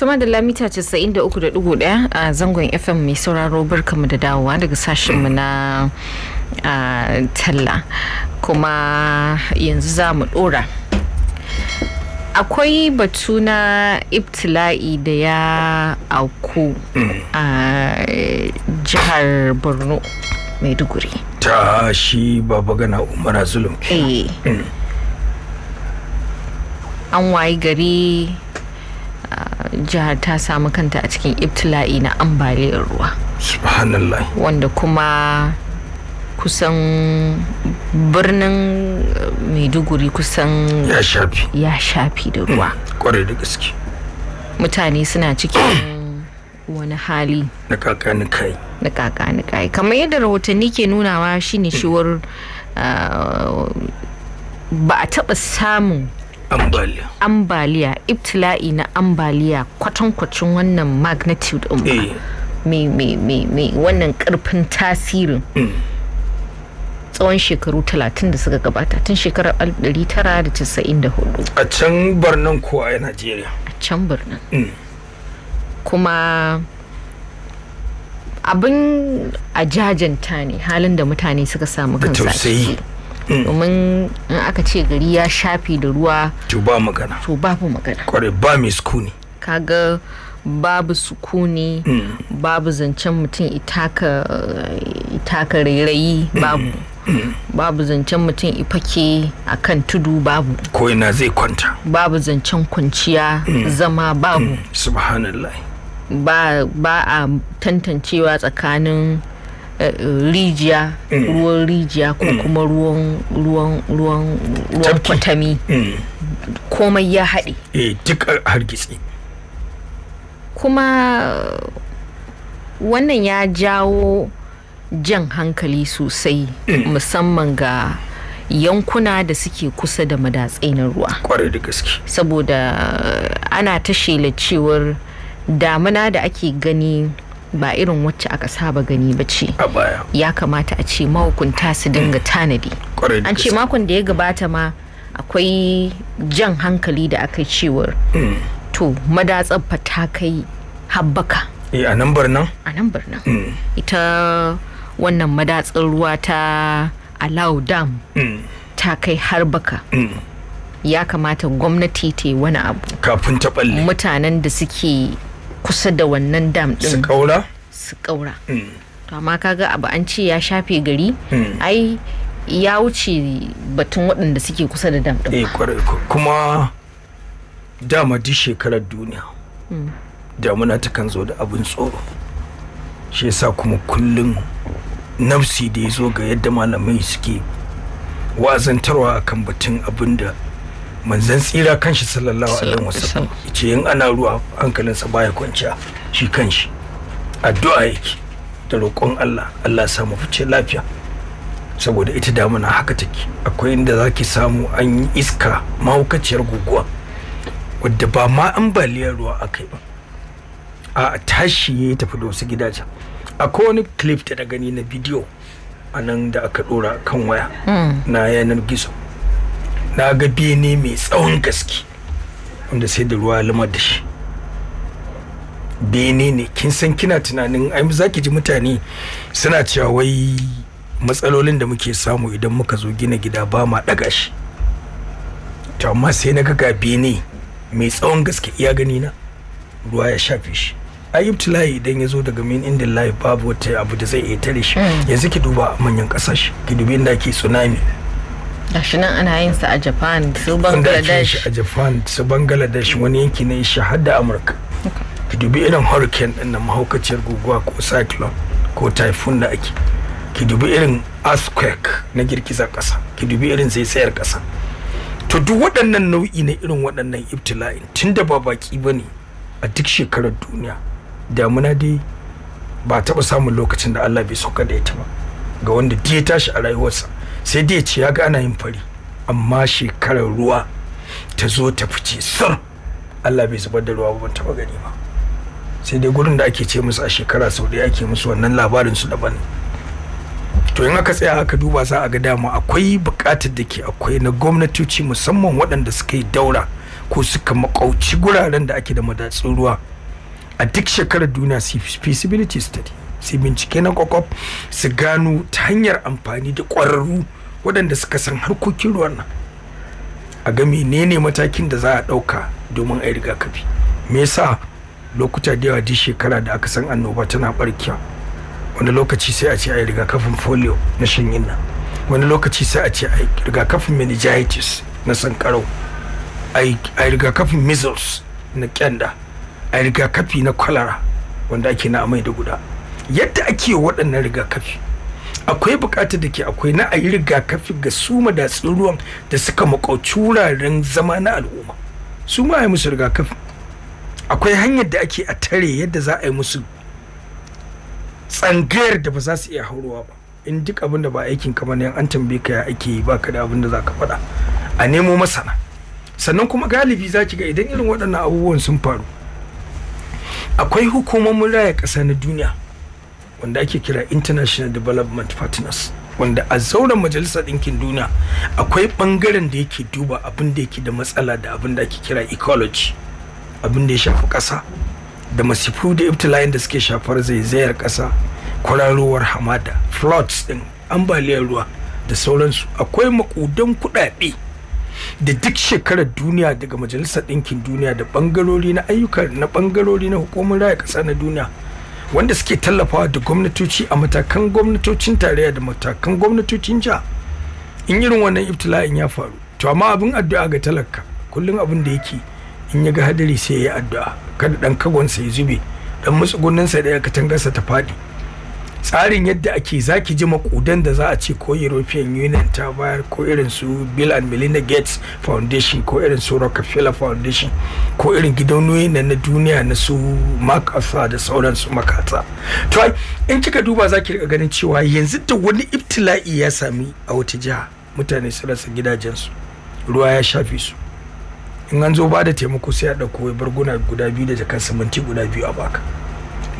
Tuma da lamita 93.1 a zangon FM mai sauraro barkamu da dawowa daga sashenmu na talla kuma yanzu za mu dora. Akwai batu na ibtila'i da ya auku a jihar Borno Maiduguri. Ta shi baba gana umara zulum. Eh. Mm. An wayi gari jihar ta samu kanta a cikin ibtila'i na ambaliyar ruwa subhanallah wanda kuma kusan birnin eh, maiduguri kusan ya shafi ya shafi da ruwa hmm, kwarai da gaske mutane suna cikin wani hali na kai na kai kamar yadda rahotanni ke nunawa shine shiwar hmm. eh, ba a taɓa samun ambaliya ambaliya ibtila'i na ambaliya kwatankwacin wannan magnitude din eh. mai wannan karfin tasirin mm. tsawon shekaru 30 da suka gabata tun shekarar 1994 a can birnin kuwa a najeriya a can birnin mm. kuma abin a jajanta ne halin da mutane suka samu kan a domin in aka ce gari ya shafi da ruwa to ba magana to babu magana kware ba mai sukuni kaga babu sukuni hmm. babu zancen mutum itaka itaka rairayi hmm. babu hmm. babu zancen mutum ifake a kan tudu babu ko ina zai kwanta babu zancen kwanciya zama babu subhanallah ba a tantancewa tsakanin rijiya eh, mm. ruwan rijiya ko mm. kuma ruwan ruwan ruwan kwatami mm. komai ya haɗe eh, duk hargitsi kuma wannan ya jawo jan hankali sosai musamman ga yankuna da suke kusa da madatsai na ruwa kwarai da gaske saboda ana ta shela cewar damuna da ake gani ba irin wacce aka saba gani ba ce ya kamata a ce mahukunta su dinga tanadi an ce makon da ya gabata ma akwai jan hankali da aka cewar mm. to madatsar ta kai habbaka eh, a nan birnin a nan birnin mm. ita wannan madatsar ruwa ta alau dam mm. ta kai harbaka ya kamata gwamnati ta yi wani abu kafin ta mutanen da suke kusa da wannan dam ɗin. su kaura hmm. to amma kaga abu an ce ya shafe gari hmm. ai ya wuce batun waɗanda suke kusa da dam din eh, kuma dama duk shekarar duniya hmm. damuna ta kan zo da abin tsoro shi yasa kuma kullum nafsi da ya zo ga yadda malamai suke wazantarwa kan batun abin da manzan tsira kanshi sallallahu alaihi wasallam ce in ana ruwa hankalinsa baya kwanciya shi kanshi addu'a yake da roƙon Allah Allah samu fice lafiya saboda ita damuna haka take akwai inda zaki samu an yi iska mahaukaciyar guguwa wadda ba ma ambaliyar ruwa akai ba a tashi ya tafi da wasu gidajen akwai wani clip da na gani na bidiyo a nan da aka dora kan waya hmm. na yanar gizo na ga bene mai tsawon gaske wanda sai da ruwa lama da shi bene ne kin san kina tunanin ai za ki ji mutane suna cewa wai matsalolin da muke samu idan muka zo gina gida ba ma daga shi to amma sai na ga bene mai tsawon gaske iya gani na ruwa ya shafe shi ayyub tilayi idan ya zo daga min inda layi babu wata abu da zai iya tare shi hmm. yanzu ki duba manyan kasashe ki dubi inda ke tsunami gashi nan ana yin sa a japan su bangladesh a japan su bangladesh wani yanki ne shi har da amurka ki dubi irin hurricane din nan mahaukaciyar guguwa ko cyclone ko typhoon da ake ki dubi irin earthquake na girgizar kasa ki dubi irin zaizayar kasa to duk waɗannan nau'i na irin waɗannan ibtila'in tun da ba baki ba ne a duk shekarar duniya damuna dai ba taɓa samun lokacin da allah bai sauka da ita ba ga wanda ya tashi a rayuwarsa sai dai ce ya ga ana yin fari amma shekarar ruwa ta zo ta fice sir Allah bai zubar da ruwa ba ban taba gani ba sai dai gurin da ake ce musu a shekara sau da ake musu wannan labarin su daban to in aka tsaya aka duba za a ga dama akwai bukatar da ke akwai na gwamnatoci musamman waɗanda suka yi daura ko suka makauci guraren da ake da madatsun ruwa a duk shekarar duniya feasibility study sai bincike na kwakwaf su gano ta hanyar amfani da ƙwararru waɗanda suka san harkokin ruwan nan a ga menene matakin da za a ɗauka domin a yi rigakafi me yasa lokuta da yawa di shekara da aka san annoba tana barkewa wani lokaci sai a ce a yi rigakafin folio na shanyin nan wani lokaci sai a ce a yi rigakafin meningitis na sankarau a yi rigakafin measles na kyanda a yi rigakafi na kwalara wanda ake na amai da guda yadda ake waɗannan rigakafi akwai bukatar da ke akwai na a yi rigakafi ga su madatsun ruwan da suka makauci wuraren zama na al'umma su ma yi musu rigakafi akwai hanyar da ake a tare yadda za a yi musu tsangayar da ba za su iya haurowa ba in duk abin da ba aikin kamar ne an tambaye ka ya ake yi baka da abin da za ka faɗa a nemo masana sannan kuma galibi za ki ga idan irin waɗannan abubuwan sun faru akwai hukumomin raya ƙasa na duniya wanda ake kira international development partners wanda a zauren majalisar ɗinkin duniya akwai ɓangaren da yake duba abin da yake da matsala da abin da ake kira ecology abin da ya shafi ƙasa da masifu da iftilayen da suke shafar zaizayar ƙasa kwararowar hamada floods ɗin ambaliyar ruwa da sauransu akwai makudan kuɗaɗe da duk shekarar duniya daga majalisar ɗinkin duniya da ɓangarori na ayyukan na ɓangarori na hukumar raya ƙasa na duniya wanda suke tallafawa da gwamnatoci a matakan gwamnatocin tarayya da matakan gwamnatocin ja in irin wannan iftila'in ya faru to amma abin addu'a ga talaka kullum abin da yake in ya ga hadari sai ya yi addu'a kada ɗan kagonsa ya zube dan matsugunin sa ɗaya katangarsa ta faɗi. tsarin yadda ake zaki ji makudan da za a ce ko european union ta bayar ko irin su bill and melinda gates foundation ko irin su rockefeller foundation ko irin gidauniyoyi na na duniya na su makasa da sauransu makata to in kika duba zaki rika ganin cewa yanzu da wani ibtila'i ya sami a wata jiha mutane su rasa gidajensu ruwa ya shafe su in an zo ba da taimako sai a ɗauko barguna guda biyu da jakar siminti guda biyu a baka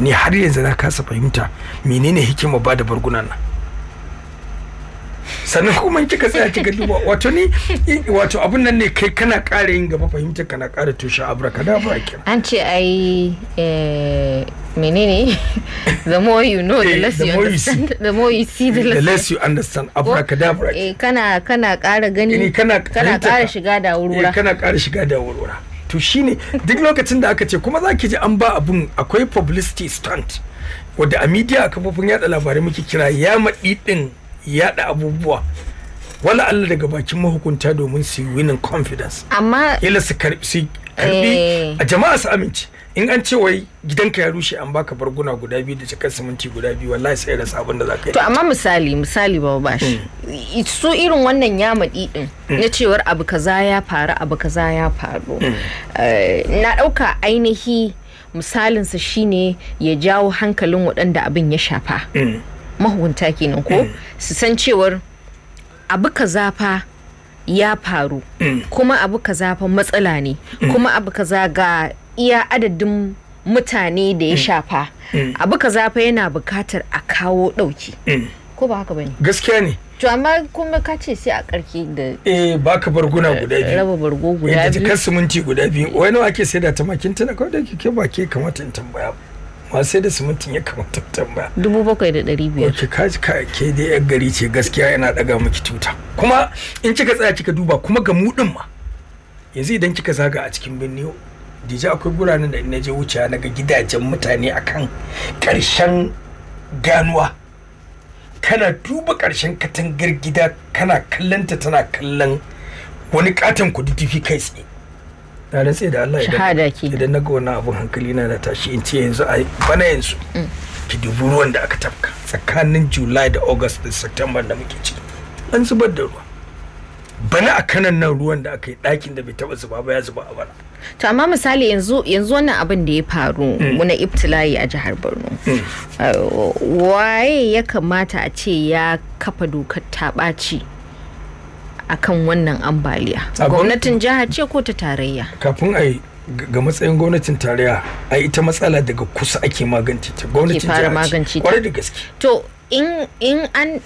ni har yanzu na kasa fahimta menene hikima ba da bargunan nan sannan kuma kika tsaya kika duba wato ni wato abun nan ne kai kana ƙara yin gaba fahimta kana ƙara tushe abraka da ba kira an ce ai eh, menene the more you know the eh, less you understand the more you see the less, you understand abracadabra eh kana kana ƙara gani eh, kana ƙara shiga da wurwura kana ƙara shiga da wurwura to shine duk lokacin da aka ce kuma za ki ji an ba abun akwai publicity stunt wadda a media a kafofin yada labarai muke kira ya maɗi ɗin yada abubuwa wala Allah daga bakin mahukunta domin su yi winning confidence amma ila su karbi eh. a jama'a su amince in an ce wai gidanka ya rushe an baka barguna guda biyu da cikin siminti guda biyu wallahi sai da sabon da zaka yi to amma misali misali ba ba shi hmm. su irin wannan yamadi din hmm. na cewar abu kaza ya faru abu kaza ya faru hmm. eh, na dauka ainihi misalinsa shine ya jawo hankalin waɗanda abin ya shafa mahunta kenan ko su san cewar abu kaza fa ya faru kuma abu kaza fa matsala ne kuma abu kaza ga iya adadin mutane da ya mm. shafa mm. abu ka zafa yana bukatar a kawo ɗauki mm. ko ba haka bane gaskiya ne to amma kuma ka ce sai a karki da eh baka barguna guda eh, biyu raba bargo guda biyu yadda kan siminti guda biyu wai nawa ake sai da tamakin tana kawai da kike ba ke kamata in tambaya ma sai da simintin ya kamata in tambaya dubu bakwai da dari biyar ke kaji ka ke da yan gari ce gaskiya yana daga miki tuta kuma in kika tsaya kika duba kuma ga mu ma yanzu idan kika zaga a cikin birni dija akwai guranin da na je wuce na ga gidajen mutane akan karshen ganuwa kana duba karshen katangar gida kana kallanta tana kallon wani katon kududdufi kai tsaye na tsaye da Allah ya idan na ga wani abu hankali na da tashi in ce yanzu a bana yanzu mm. ki dubi ruwan da aka tafka tsakanin July da August da September da muke ci an zubar da ruwa bana a kanan nan ruwan da aka yi ɗakin da bai taɓa zuba ba ya zuba a bara to amma misali yanzu yanzu wannan abin da ya faru mm. muna ibtila'i a jihar borno mm. uh, waye ya kamata a ce ya kafa dokar taɓaci kan wannan ambaliya gwamnatin jiha ce ko ta tarayya kafin a ga matsayin gwamnatin tarayya a ita matsala daga kusa ake magance ta gwamnatin jiha ce kwarai da gaske to in an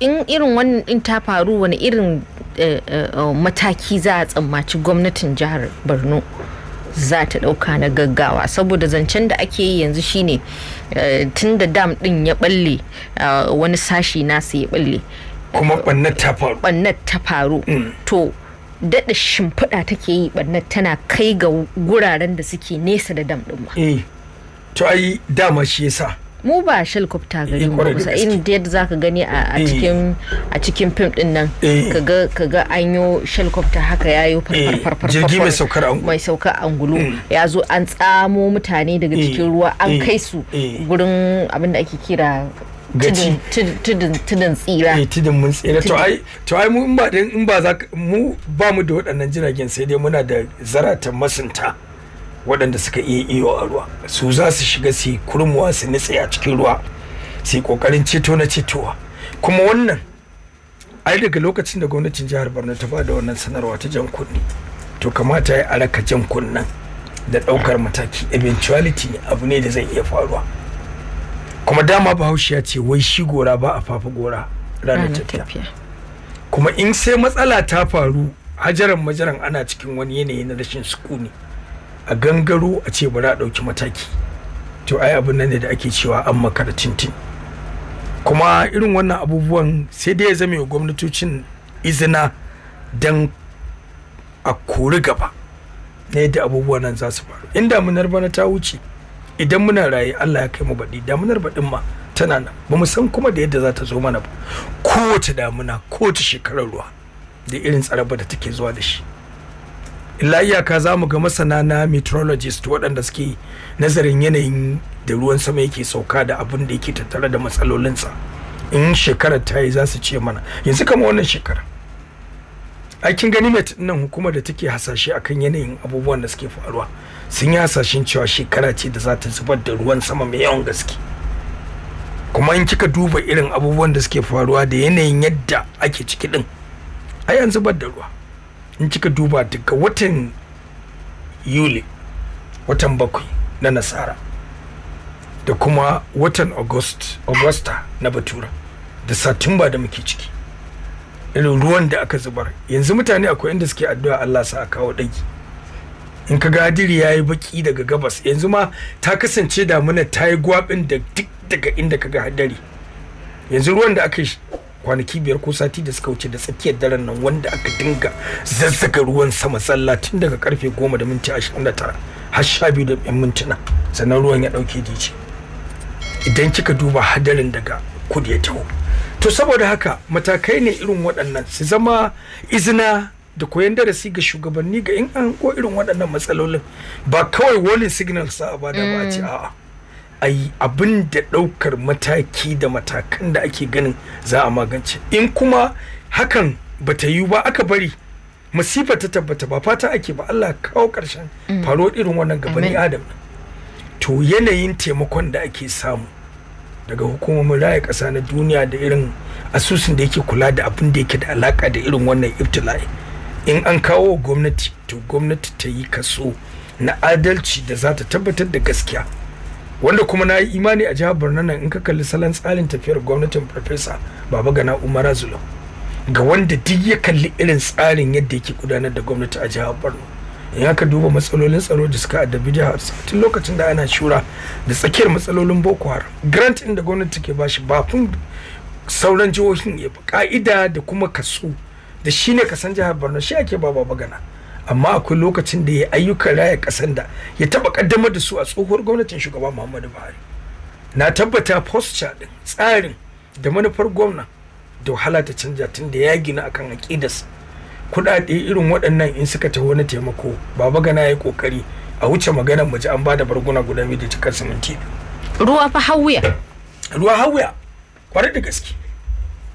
in irin wannan ta faru wani irin eh, eh, oh, mataki za a tsammaci gwamnatin jihar borno za ta ɗauka na gaggawa saboda zancen da ake yi yanzu shine eh, tun da dam din ya balle wani sashi nasu ya balle kuma ɓannar ta faru ta faru mm. to dada shimfiɗa take yi ɓannar tana kai ga guraren da suke nesa da dam din ma to ai dama shi yasa mu ba shelkwafta gari eh, mu kusa in yadda za ka gani a eh. cikin fim din nan eh. ka ga an yi shelkwafta haka ya yi farfarfarfar jirgi mai saukar mai saukar angulu ya zo an tsamo mutane daga cikin ruwa an kai su gurin abin da ake kira tudun tsira eh tudun mun tsira to ai to ai mu in ba in ba za mu ba mu da waɗannan jiragen sai dai muna da zarata masunta waɗanda suka iya iyo a ruwa su za su shiga su yi kurmuwa su nitse a cikin ruwa su yi ƙoƙarin ceto na cetowa kuma wannan ai daga lokacin da gwamnatin jihar borno ta ba da wannan sanarwa ta jan kunne to kamata ya araka jan kunnen da ɗaukar mataki eventuality abu ne da zai iya faruwa kuma dama bahaushe ya ce wai shi gora ba a fafi gora ranar tafiya kuma in sai matsala ta faru hajaran majaran ana cikin wani yanayi na rashin sukuni a gangaro a ce bari a ɗauki mataki to ai abin nan ne da ake cewa an makara tintin kuma irin wannan abubuwan sai dai ya zame wa gwamnatocin izina don a kori gaba na yadda abubuwan nan za su faru in damunar bana ta wuce idan muna raye allah ya kai mu baɗi damunar baɗin ma tana nan ba mu san kuma da yadda za ta zo mana ba kowace damuna kowace shekarar ruwa da irin tsaraba da take zuwa da shi illa iyaka za mu ga masana na meteorologist waɗanda suke nazarin yanayin da ruwan sama yake sauka da abin da yake tattare da matsalolinsa in shekarar ta yi za su ce mana yanzu kama wannan shekara aikin gani mai nan hukumar da take hasashe akan yanayin abubuwan da suke faruwa sun yi hasashen cewa shekara ce da za ta zubar da ruwan sama mai yawan gaske kuma in kika duba irin abubuwan da suke faruwa da yanayin yadda ake ciki din a yanzu zubar da ruwa in kika duba daga watan yuli watan bakwai na nasara da kuma watan august augusta na batura da satumba da muke ciki irin ruwan da aka zubar yanzu mutane akwai inda suke addu'a Allah sa a kawo ɗagi in ka gadiri ya yi baki daga gabas yanzu ma ta kasance damuna ta yi gwabin da duk daga inda ka ga hadari yanzu ruwan da aka kwanaki biyar ko sati da suka wuce da tsakiyar daren nan wanda aka dinga zazzaga ruwan sama tsalla tun daga karfe goma da minti ashirin da tara har sha biyu da yan mintuna sannan ruwan ya ɗauke diji idan kika duba hadarin daga kudu ya taho to saboda haka matakai ne irin waɗannan su zama izina da koyon darasi ga shugabanni ga in an ko irin waɗannan matsalolin ba kawai warning siginal ba da ba a ce mm. a'a a yi abin da ɗaukar mataki da matakan da ake ganin za a magance in kuma hakan ba ta yi ba aka bari masifa ta tabbata ba fata ake ba Allah kawo karshen. Mm. faro irin wannan gaban adam to yanayin taimakon da ake samu daga hukumomin raya ƙasa na duniya da irin asusun da yake kula da abin da yake da alaka da irin wannan iftila'i in an kawo gwamnati to gwamnati ta yi kaso na adalci da za ta tabbatar da gaskiya wanda kuma na yi imani a jihar borno nan in ka kalli salon tsarin tafiyar gwamnatin farfesa baba gana umar zulum ga wanda duk ya kalli irin tsarin yadda yake gudanar da gwamnati a jihar borno in ka duba matsalolin tsaro da suka addabi jihar tun lokacin da ana shura da tsakiyar matsalolin boko haram grant inda gwamnati ke bashi ba fun sauran jihohin ya ka'ida da kuma kaso da shine kasan jihar borno shi ake ba baba gana amma akwai lokacin da ya yi ayyukan raya kasan da ya taba kaddamar da su a tsohuwar gwamnatin shugaba muhammadu buhari na tabbata posture din tsarin da manufar gwamna da wahala ta canja tun da ya gina akan aƙidas kuɗaɗe irin waɗannan in suka taho na taimako baba gana ya yi ƙoƙari a wuce maganar mu ji an ba da barguna guda biyu da cikar siminti ruwa fa hawuya ruwa hawuya kwarai da gaske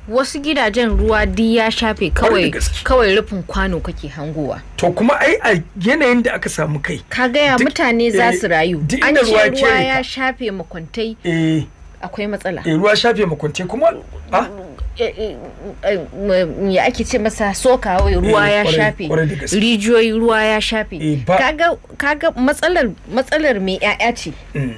wasu gidajen ruwa di ya shafe kawai kawai rufin kwano kake hangowa to kuma ai a yanayin da aka samu kai ka gaya mutane za su eh, rayu an ce eh. eh, ruwa ya shafe makwantai akwai matsala ruwa shafe makwantai kuma ya ake ce masa soka ruwa ya shafe rijiyoyi ruwa ya shafe kaga matsalar mai 'ya'ya ce mm,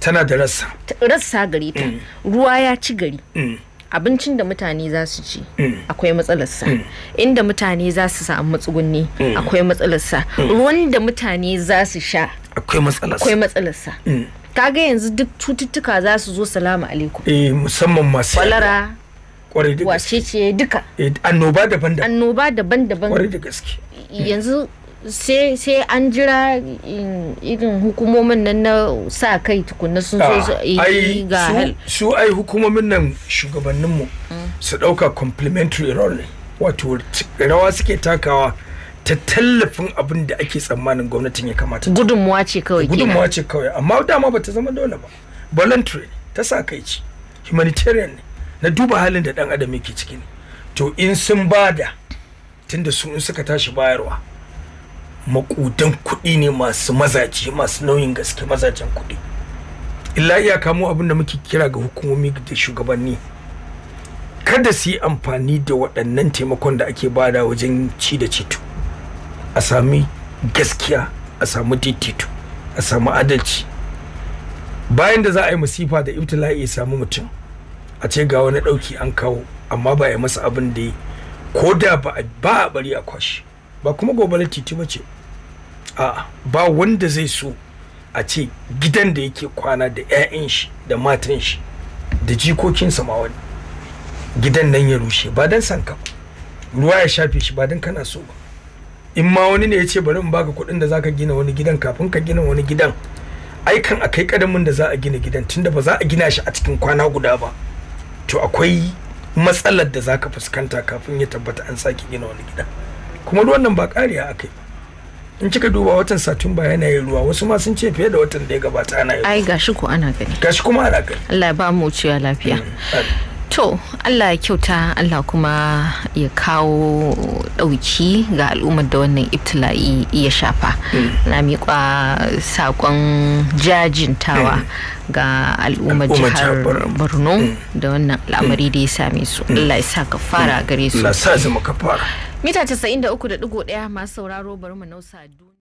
tana da rassa rassa gari ta mm. ruwa ya ci gari mm. abincin da mutane za su ci mm. akwai matsalarsa mm. inda mutane za su samu matsugunni mm. akwai matsalarsa ruwan da mutane za su sha akwai matsalarsa kaga yanzu duk cututtuka za su zo salamu alaikum eh musamman masu kwalara kwarai da gaske ce duka eh, annoba daban-daban annoba daban-daban kwarai da gaske yanzu sai sai an jira irin hukumomin nan na sa kai tukunna sun so ah, su ga su ai hukumomin nan shugabanninmu mm. su dauka complementary role ne wato rawa suke takawa ta tallafin abin da ake tsammanin gwamnatin ya kamata gudunmuwa ce kawai gudunmuwa ce kawai amma dama ba ta zama dole ba voluntary ne ta sa kai ce humanitarian ne na duba halin da dan adam yake ciki ne to in sun bada tunda su in suka tashi bayarwa makudan kuɗi ne masu mazaje masu nauyin gaske mazajen kuɗi illa iya kamo abin da muke kira ga hukumomi da shugabanni kada su yi amfani da waɗannan taimakon da ake bada wajen ci da cito a sami gaskiya a samu titito a samu adalci bayan da za a yi masifa da ibtila'i ya samu mutum a ce ga wani ɗauki an kawo amma ba ya masa abin da ya ko da ba a bari a kwashe ba kuma gobalar titi ba ce a ba wanda zai so a ce gidan da yake kwana da 'ya'yan shi da matan shi da jikokinsa ma wani gidan nan ya rushe ba don sanka ruwa ya shafe shi ba don kana so ba in ma wani ne ya ce bari in baka kuɗin da zaka gina wani gidan kafin ka gina wani gidan aikan a kai kadamin da za a gina gidan tunda ba za a gina shi a cikin kwana guda ba to akwai matsalar da zaka fuskanta kafin ya tabbata an sake gina wani gidan kuma ruwan nan ba ƙariya akai in kika duba watan satumba yana yin ruwa wasu ma sun ce fiye da watan da ya gabata ana yi ai gashi ko ana gani gashi kuma ana gani Allah ya ba mu wucewa lafiya mm, to Allah ya kyauta Allah kuma ya kawo ɗauki ga al'ummar da wannan ibtila'i ya shafa mm. na miƙa sakon jajintawa mm. ga al'ummar jihar borno da wannan al'amari da ya same su Allah ya sa ka fara gare su Allah sa zama ka fara Mita 93.1 masu sauraro bari mu nausa duniya.